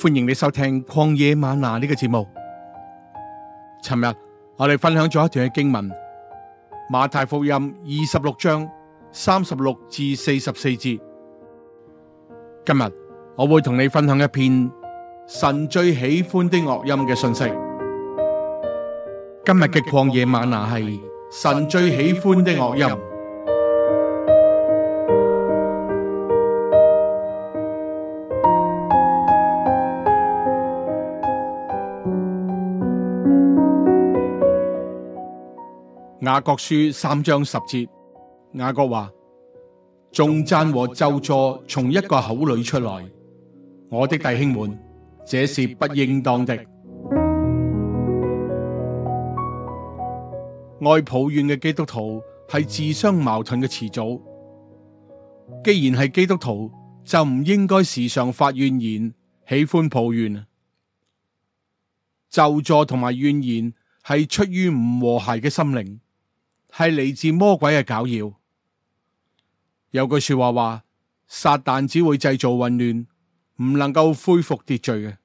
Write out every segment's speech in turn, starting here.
歡迎你收聽《曠野嗎哪》呢、這個節目。尋日我哋分享咗一段嘅經文《馬太福音》二十六章三十六至四十四節。今日我會同你分享一篇神最喜歡的樂音嘅信息。今日嘅曠野嗎哪係神最喜歡的樂音。雅各書三章十節，雅各話：頌讚和咒詛從一個口裏出來，我的弟兄們，這是不應當的。愛抱怨嘅基督徒係自相矛盾嘅詞組。既然係基督徒，就唔應該時常發怨言，喜歡抱怨。咒詛同埋怨言係出於唔和諧嘅心靈係嚟自魔鬼嘅攪擾。有句說話話，撒旦只會製造混亂，唔能夠恢復秩序嘅。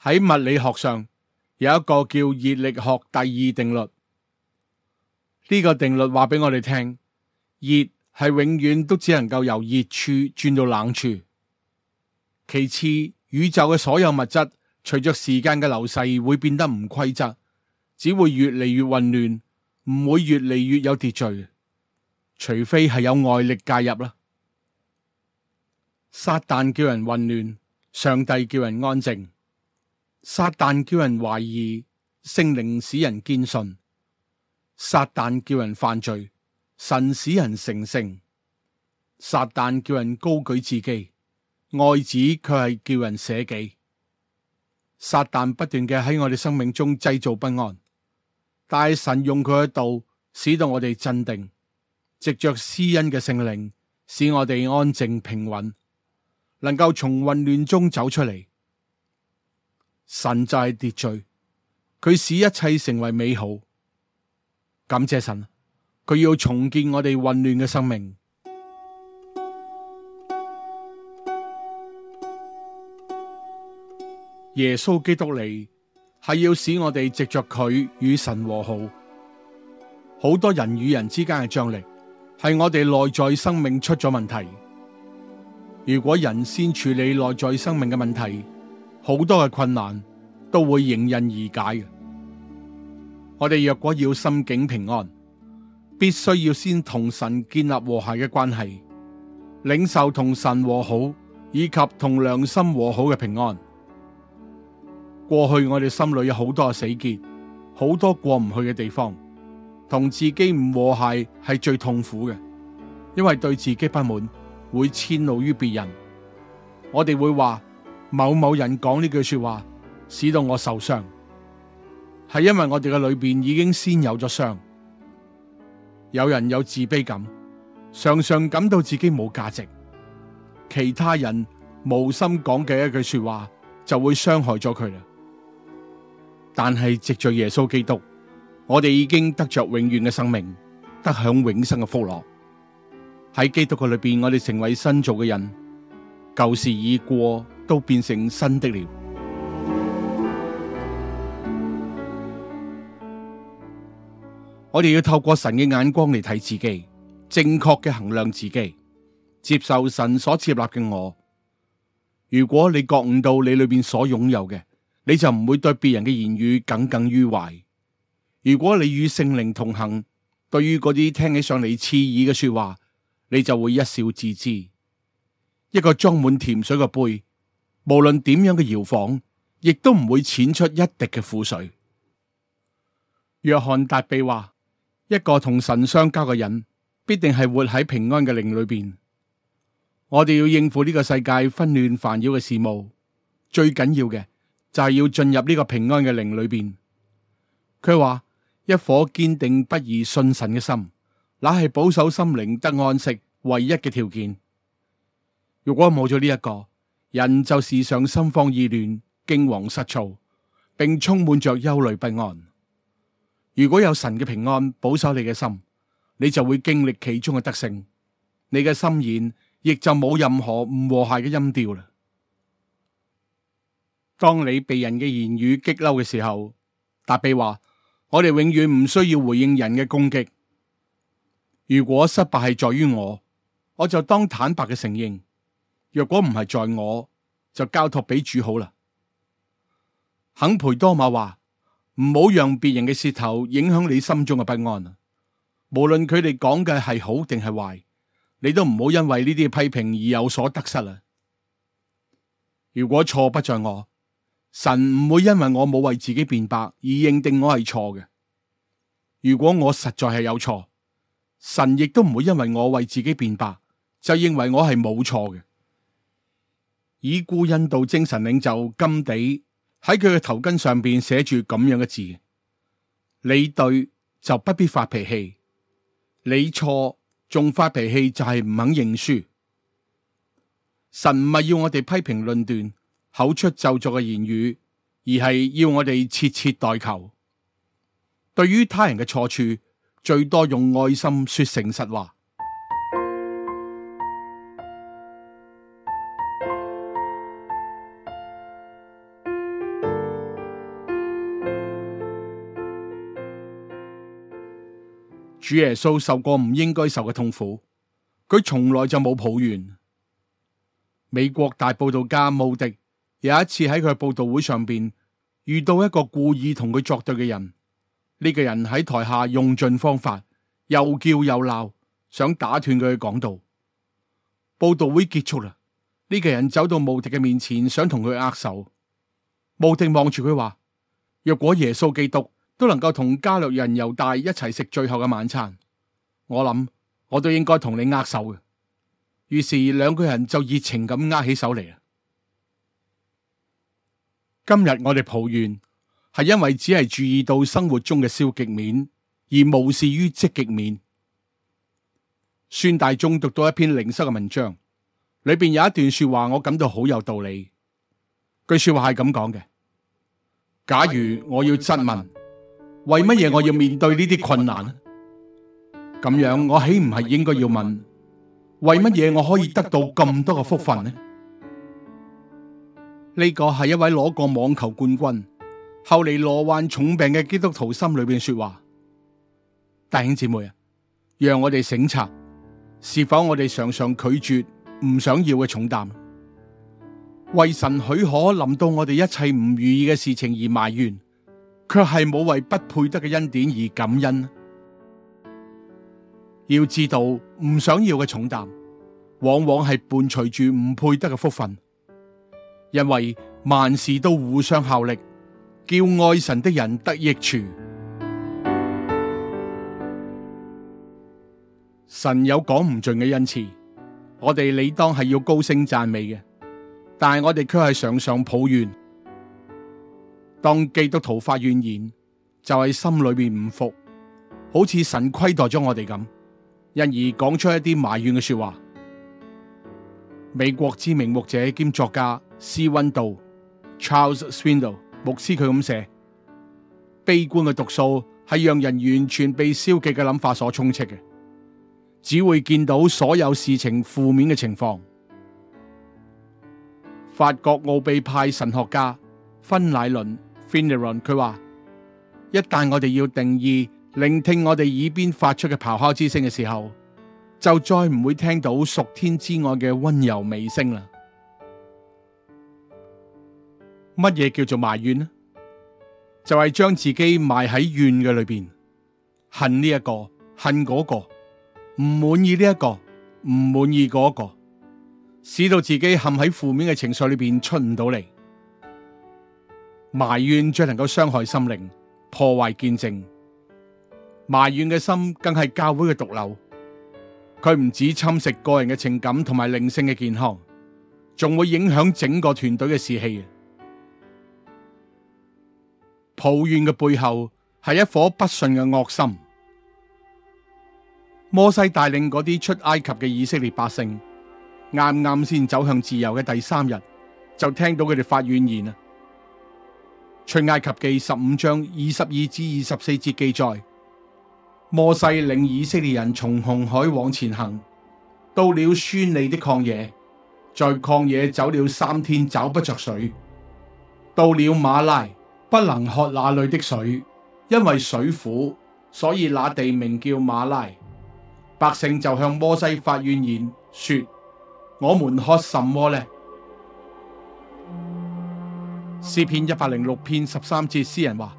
喺物理學上有一個叫熱力學第二定律。呢個定律話俾我哋聽，熱係永遠都只能夠由熱處轉到冷處。其次，宇宙嘅所有物質隨着時間嘅流逝會變得唔規則，只會越嚟越混亂。唔會越嚟越有秩序，除非係有外力介入啦。撒旦叫人混亂，上帝叫人安靜；撒旦叫人懷疑，聖靈使人堅信；撒旦叫人犯罪，神使人成聖；撒旦叫人高舉自己，愛子卻係叫人捨己。撒旦不斷嘅喺我哋生命中製造不安。大神用佢嘅道使到我哋鎮定，藉着施恩嘅聖靈，使我哋安靜平穩，能夠從混亂中走出嚟。神就係秩序，佢使一切成為美好。感謝神，佢要重建我哋混亂嘅生命。耶穌基督嚟。係要使我哋藉着佢與神和好。好多人與人之間嘅張力，係我哋內在生命出咗問題。如果人先處理內在生命嘅問題，好多嘅困難都會迎刃而解嘅。我哋若果要心境平安，必須要先同神建立和諧嘅關係，領受同神和好，以及同良心和好嘅平安。過去我哋心裏有好多死結，好多過唔去嘅地方，同自己唔和諧係最痛苦嘅，因為對自己不滿會遷怒於別人。我哋會話某某人講呢句說話，使到我受傷，係因為我哋嘅裏邊已經先有咗傷。有人有自卑感，常常感到自己冇價值，其他人無心講嘅一句說話就會傷害咗佢啦。但係藉着耶穌基督，我哋已經得着永遠嘅生命，得享永生嘅福樂。喺基督嘅裏邊，我哋成為新造嘅人，舊事已過，都變成新的了。 我哋要透過神嘅眼光嚟睇自己，正確嘅衡量自己，接受神所接納嘅我。如果你覺悟到你裏邊所擁有嘅，你就唔會對別人嘅言語耿耿於懷。如果你與聖靈同行，對於嗰啲聽起上嚟刺耳嘅說話，你就會一笑置之。一個裝滿甜水嘅杯，無論點樣嘅搖晃，亦都唔會濺出一滴嘅苦水。約翰達比話：一個同神相交嘅人，必定係活喺平安嘅靈裏邊。我哋要應付呢個世界紛亂煩擾嘅事務，最緊要嘅。就係要進入呢個平安嘅靈裏邊，佢話：一顆堅定不移信神嘅心，乃係保守心靈得安息唯一嘅條件。如果冇咗呢一個，人就時常心慌意亂、驚惶失措，並充滿着憂慮不安。如果有神嘅平安保守你嘅心，你就會經歷其中嘅得勝，你嘅心弦亦就冇任何唔和諧嘅音調啦。當你被人嘅言語激嬲嘅時候，達比話：我哋永遠唔需要回應人嘅攻擊。如果失敗係在於我，我就當坦白嘅承認；若果唔係在我，就交託俾主好啦。肯培多馬話：唔好讓別人嘅舌頭影響你心中嘅不安。無論佢哋講嘅係好定係壞，你都唔好因為呢啲批評而有所得失啊！如果錯不在我。神唔會因為我冇為自己辯白而認定我係錯嘅。如果我實在係有錯，神亦都唔會因為我為自己辯白就認為我係冇錯嘅。以故印度精神領袖甘地喺佢嘅頭巾上邊寫住咁樣嘅字，你對就不必發脾氣，你錯仲發脾氣就係唔肯認輸。神唔係要我哋批評論斷，口出咒詛嘅言語，而係要我哋切切代求。對於他人嘅錯處，最多用愛心說誠實話。主耶穌受過唔應該受嘅痛苦，佢從來就冇抱怨。美國大佈道家穆迪。有一次喺佢嘅佈道會上邊遇到一個故意同佢作對嘅人，呢個人喺台下用盡方法又叫又鬧，想打斷佢嘅講道。佈道會結束啦，呢個人走到慕迪嘅面前，想同佢握手。慕迪望住佢話：若果耶穌基督都能夠同加略人猶大一齊食最後嘅晚餐，我諗我都應該同你握手嘅。於是兩個人就熱情咁握起手嚟啦。今日我哋抱怨，係因為只係注意到生活中嘅消極面，而無視於積極面。孫大中讀到一篇靈修嘅文章，裏邊有一段說話，我感到好有道理。句說話係咁講嘅：假如我要質問，為乜嘢我要面對呢啲困難呢？咁樣我豈唔係應該要問，為乜嘢我可以得到咁多嘅福分呢？呢個係一位攞過網球冠軍，後嚟罹患重病嘅基督徒心裏邊說話：弟兄姐妹啊，讓我哋省察，是否我哋常常拒絕唔想要嘅重擔，為神許可臨到我哋一切唔如意嘅事情而埋怨，卻係冇為不配得嘅恩典而感恩。要知道，唔想要嘅重擔，往往係伴隨住唔配得嘅福分。因為萬事都互相效力，叫愛神的人得益處。神有講唔盡嘅恩慈，我哋理當係要高聲讚美嘅。但係我哋卻係常常抱怨，當基督徒發怨言，就係心裏面唔服，好似神虧待咗我哋咁，因而講出一啲埋怨嘅說話。美國知名牧者兼作家，斯溫道 Charles Swindoll 牧師佢咁寫：悲觀嘅毒素係讓人完全被消極嘅諗法所充斥嘅，只會見到所有事情負面嘅情況。法國奧秘派神學家芬乃倫 （Fineron） 佢話：一旦我哋要定義、聆聽我哋耳邊發出嘅咆哮之聲嘅時候，就再唔會聽到屬天之外嘅溫柔微聲啦。乜嘢叫做埋怨呢？就係、是、將自己埋喺怨嘅裏邊，恨呢、這、一個，恨嗰、那個，唔滿意呢、這、一個，唔滿意嗰、那個，使到自己陷喺負面嘅情緒裏邊出唔到嚟。埋怨最能夠傷害心靈，破壞見證。埋怨嘅心更係教會嘅毒瘤，佢唔止侵蝕個人嘅情感同埋靈性嘅健康，仲會影響整個團隊嘅士氣。抱怨嘅背後係一顆不順嘅惡心。摩西帶領嗰啲出埃及嘅以色列百姓，啱啱先走向自由嘅第三日，就聽到佢哋發怨言啦。出埃及記十五章二十二至二十四節記載，摩西領以色列人從紅海往前行，到了孫利的曠野，在曠野走了三天，找不着水，到了瑪拉。不能喝那裏的水，因為水苦，所以那地名叫馬拉。百姓就向摩西發怨言，說：我們喝什麼呢？」詩篇一百零六篇十三節，詩人話：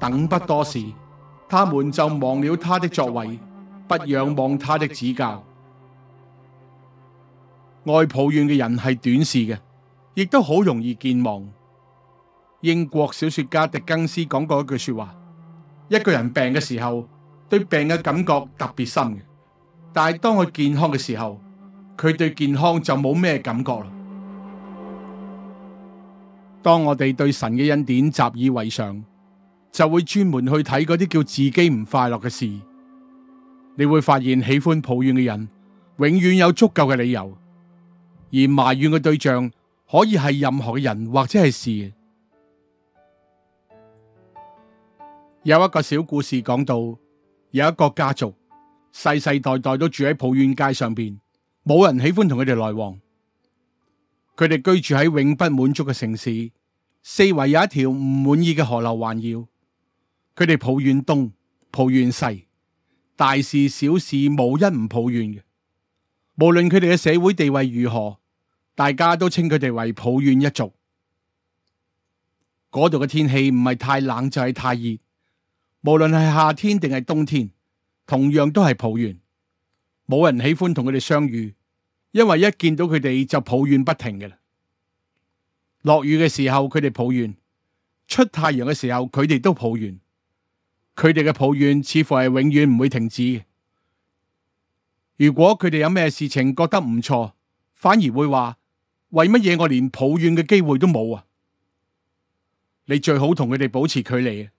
等不多時，他們就忘了他的作為，不仰望他的指教。愛抱怨嘅人係短視嘅，亦都好容易健忘。英國小說家狄更斯講過一句說話：一個人病嘅時候，對病嘅感覺特別深嘅，但係當佢健康嘅時候，佢對健康就冇咩感覺啦。當我哋對神嘅恩典習以為常，就會專門去睇嗰啲叫自己唔快樂嘅事。你會發現，喜歡抱怨嘅人永遠有足夠嘅理由，而埋怨嘅對象可以係任何嘅人或者係事。有一個小故事講到，有一個家族世世代代都住喺抱怨街上邊，冇人喜歡同佢哋來往。佢哋居住喺永不滿足嘅城市，四圍有一條唔滿意嘅河流環繞。佢哋抱怨東，抱怨西，大事小事冇一唔抱怨嘅。無論佢哋嘅社會地位如何，大家都稱佢哋為抱怨一族。嗰度嘅天氣唔係太冷，就係太熱。無論係夏天定係冬天，同樣都係抱怨，冇人喜歡同佢哋相遇，因為一見到佢哋就抱怨不停嘅啦。落雨嘅時候佢哋抱怨，出太陽嘅時候佢哋都抱怨，佢哋嘅抱怨似乎係永遠唔會停止嘅。如果佢哋有咩事情覺得唔錯，反而會話：為乜嘢我連抱怨嘅機會都冇啊？你最好同佢哋保持距離。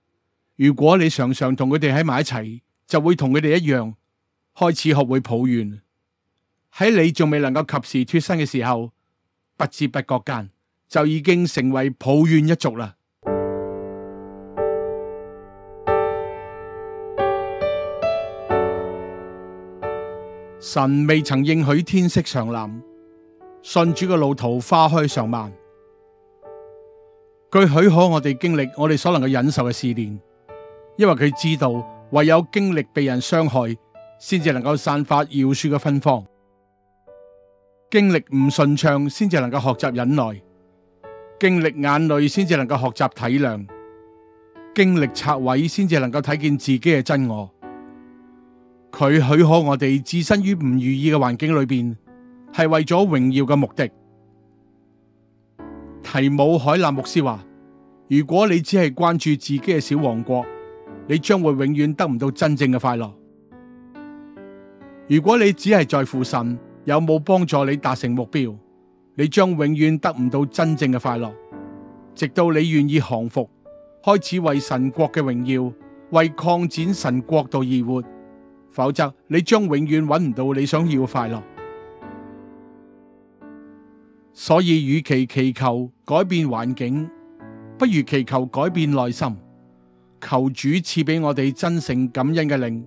如果你常常同佢哋喺埋一齊，就會同佢哋一樣開始學會抱怨。喺你仲未能夠及時脱身嘅時候，不知不覺間就已經成為抱怨一族啦。 神未曾應許天色常藍，信主嘅路途花開常漫，佢許可我哋經歷我哋所能夠忍受嘅試煉。因為佢知道，唯有經歷被人傷害，先至能夠散發饒恕嘅芬芳；經歷唔順暢，先至能夠學習忍耐；經歷眼淚，先至能夠學習體諒；經歷拆毀，先至能夠睇見自己嘅真我。佢許可我哋置身於唔如意嘅環境裏邊，係為咗榮耀嘅目的。提姆海納牧師話：如果你只係關注自己嘅小王國，你將會永遠得唔到真正嘅快樂。如果你只係在乎神有冇幫助你達成目標，你將永遠得唔到真正嘅快樂。直到你願意降服，開始為神國嘅榮耀，為擴展神國度而活，否則你將永遠揾唔到你想要嘅快樂。所以，與其祈求改變環境，不如祈求改變內心。求主賜俾我哋真誠感恩嘅靈。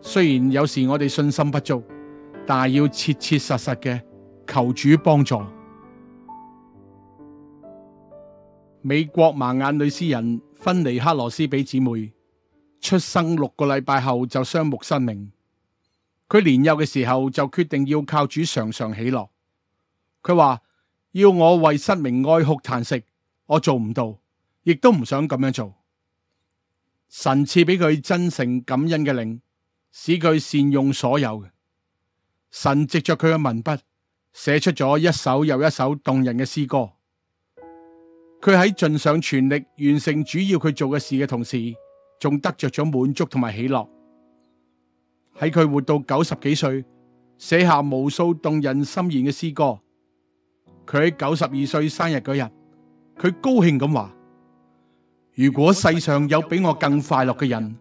雖然有時我哋信心不足，但係要切切實實嘅求主幫助。 美國盲眼女詩人芬尼克羅斯比姊妹出生六個禮拜後就雙目失明。佢年幼嘅時候就決定要靠主，常常喜樂。佢話要我為失明哀哭嘆息，我做唔到，亦都唔想咁樣做。神賜俾佢真誠感恩嘅靈，使佢善用所有。神藉着佢嘅文筆寫出咗一首又一首動人嘅詩歌。佢喺盡上全力完成主要佢做嘅事嘅同時，仲得着咗滿足同埋喜樂。喺佢活到九十幾歲，寫下無數動人心弦嘅詩歌。佢喺九十二歲生日嗰日，佢高興咁話。如果世上有比我更快樂嘅人，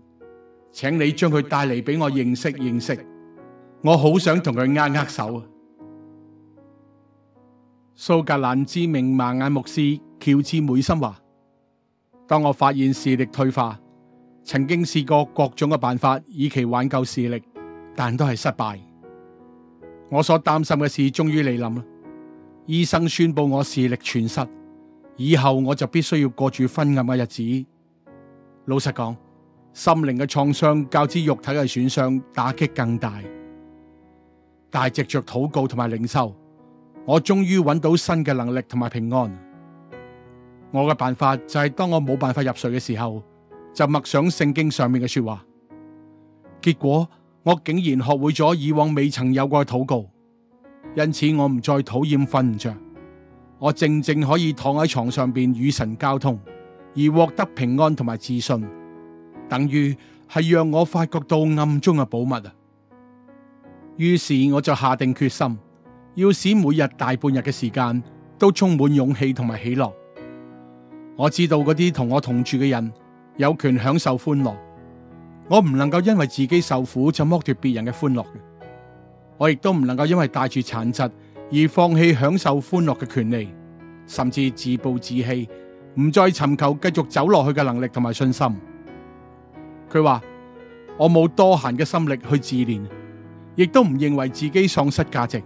請你將佢帶嚟俾我認識認識，我好想同佢握握手。 蘇格蘭知名盲眼牧師喬治梅森話：當我發現視力退化，曾經試過各種嘅辦法，以期挽救視力，但都係失敗。我所擔心嘅事終於嚟臨啦，醫生宣布我視力全失。以後我就必須要過住昏暗嘅日子。老實講，心靈嘅創傷較之肉體嘅損傷打擊更大。但係藉着禱告同埋領受，我終於揾到新嘅能力同埋平安。我嘅辦法就係當我冇辦法入睡嘅時候，就默想聖經上面嘅說話。結果我竟然學會咗以往未曾有過嘅禱告，因此我唔再討厭瞓唔着。我正正可以躺喺床上邊與神交通，而獲得平安同埋自信，等於係讓我發覺到暗中嘅寶物啊！於是我就下定決心，要使每日大半日嘅時間都充滿勇氣同埋喜樂。我知道嗰啲同我同住嘅人有權享受歡樂，我唔能夠因為自己受苦就剝奪別人嘅歡樂。我亦都唔能夠因為帶住殘疾，而放棄享受歡樂嘅權利，甚至自暴自棄，唔再尋求繼續走落去嘅能力同埋信心。佢話：我冇多閒嘅心力去自憐，亦都唔認為自己喪失價值。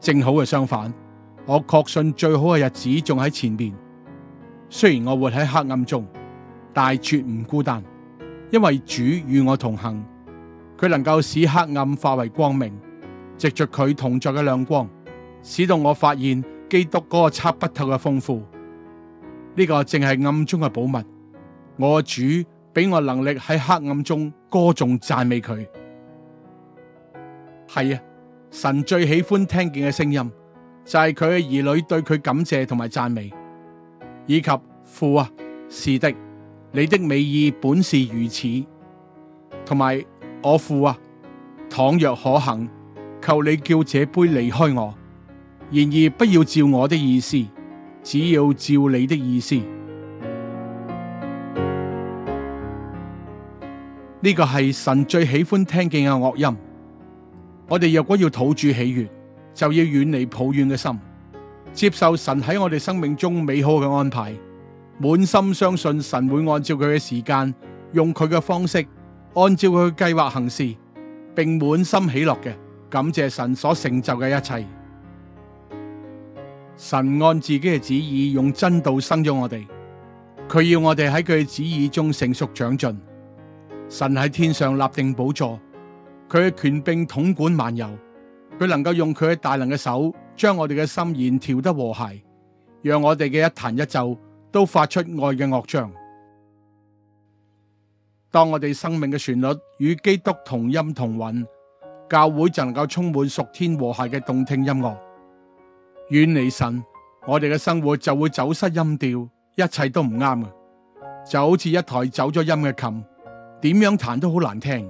正好嘅相反，我確信最好嘅日子仲喺前面。雖然我活喺黑暗中，但絕唔孤單，因為主與我同行。佢能夠使黑暗化為光明，藉着佢同在嘅亮光。使到我發現基督嗰個測不透嘅豐富，呢、這個淨係暗中嘅寶物。我主俾我能力喺黑暗中歌頌讚美佢。係啊，神最喜歡聽見嘅聲音就係佢嘅兒女對佢感謝同埋讚美，以及父啊，是的，你的美意本是如此，同埋我父啊，倘若可行，求你叫這杯離開我。然而不要照我的意思，只要照你的意思。呢、這個係神最喜歡聽見嘅樂音。我哋若果要討主喜悦，就要遠離抱怨嘅心，接受神喺我哋生命中美好嘅安排，滿心相信神會按照佢嘅時間，用佢嘅方式，按照佢嘅計劃行事，並滿心喜樂嘅感謝神所成就嘅一切。神按自己嘅旨意用真道生咗我哋，佢要我哋喺佢嘅旨意中成熟長進。神喺天上立定寶座，佢嘅權柄統管萬有，佢能夠用佢嘅大能嘅手將我哋嘅心弦調得和諧，讓我哋嘅一彈一奏都發出愛嘅樂章。當我哋生命嘅旋律與基督同音同韻，教會就能夠充滿屬天和諧嘅動聽音樂。遠離神，我哋嘅生活就會走失音調，一切都唔啱啊。就好似一台走咗音嘅琴，點樣彈都好難聽，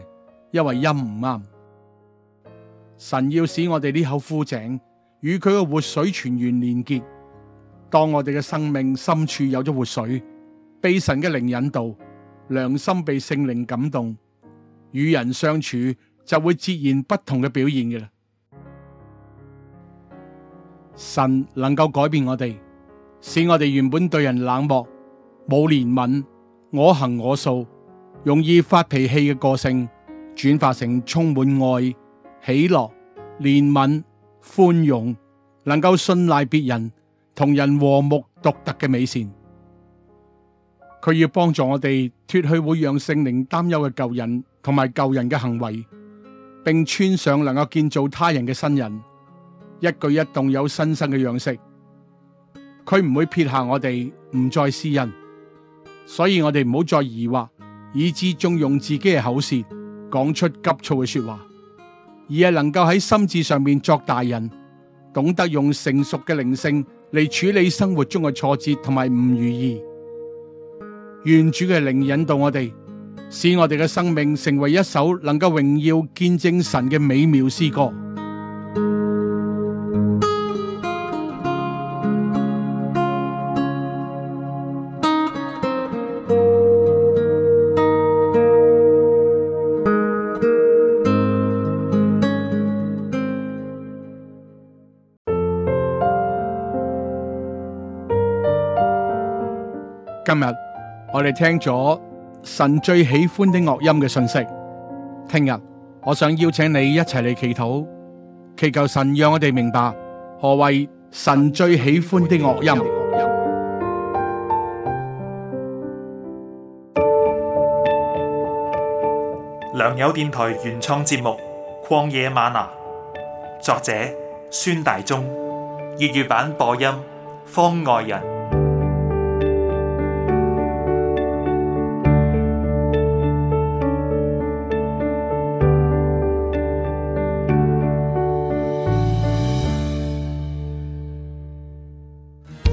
因為音唔啱。神要使我哋呢口枯井與佢嘅活水全然連結，當我哋嘅生命深處有咗活水，被神嘅靈引導，良心被聖靈感動，與人相處就會截然不同嘅表現嘅啦。神能夠改變我哋，使我哋原本對人冷漠、冇憐憫、我行我素、容易發脾氣嘅個性，轉化成充滿愛、喜樂、憐憫、寬容，能夠信賴別人、同人和睦獨特嘅美善。佢要幫助我哋脫去會讓聖靈擔憂嘅舊人同埋舊人嘅行為，並穿上能夠建造他人嘅新人。一舉一動有新生嘅樣式，佢唔會撇下我哋，唔再施恩。所以我哋唔好再疑惑，以致縱容自己嘅口舌講出急躁嘅說話，而係能夠喺心智上面作大人，懂得用成熟嘅靈性嚟處理生活中嘅挫折同埋唔如意。願主嘅靈引導我哋，使我哋嘅生命成為一首能夠榮耀見證神嘅美妙詩歌。我哋聽咗神最喜歡的樂音嘅信息，聽日我想邀請你一齊嚟祈禱，祈求神讓我哋明白何謂神最喜歡的樂音。良友電台原創節目《曠野嗎哪》，作者孫大中，粵語版播音方外人。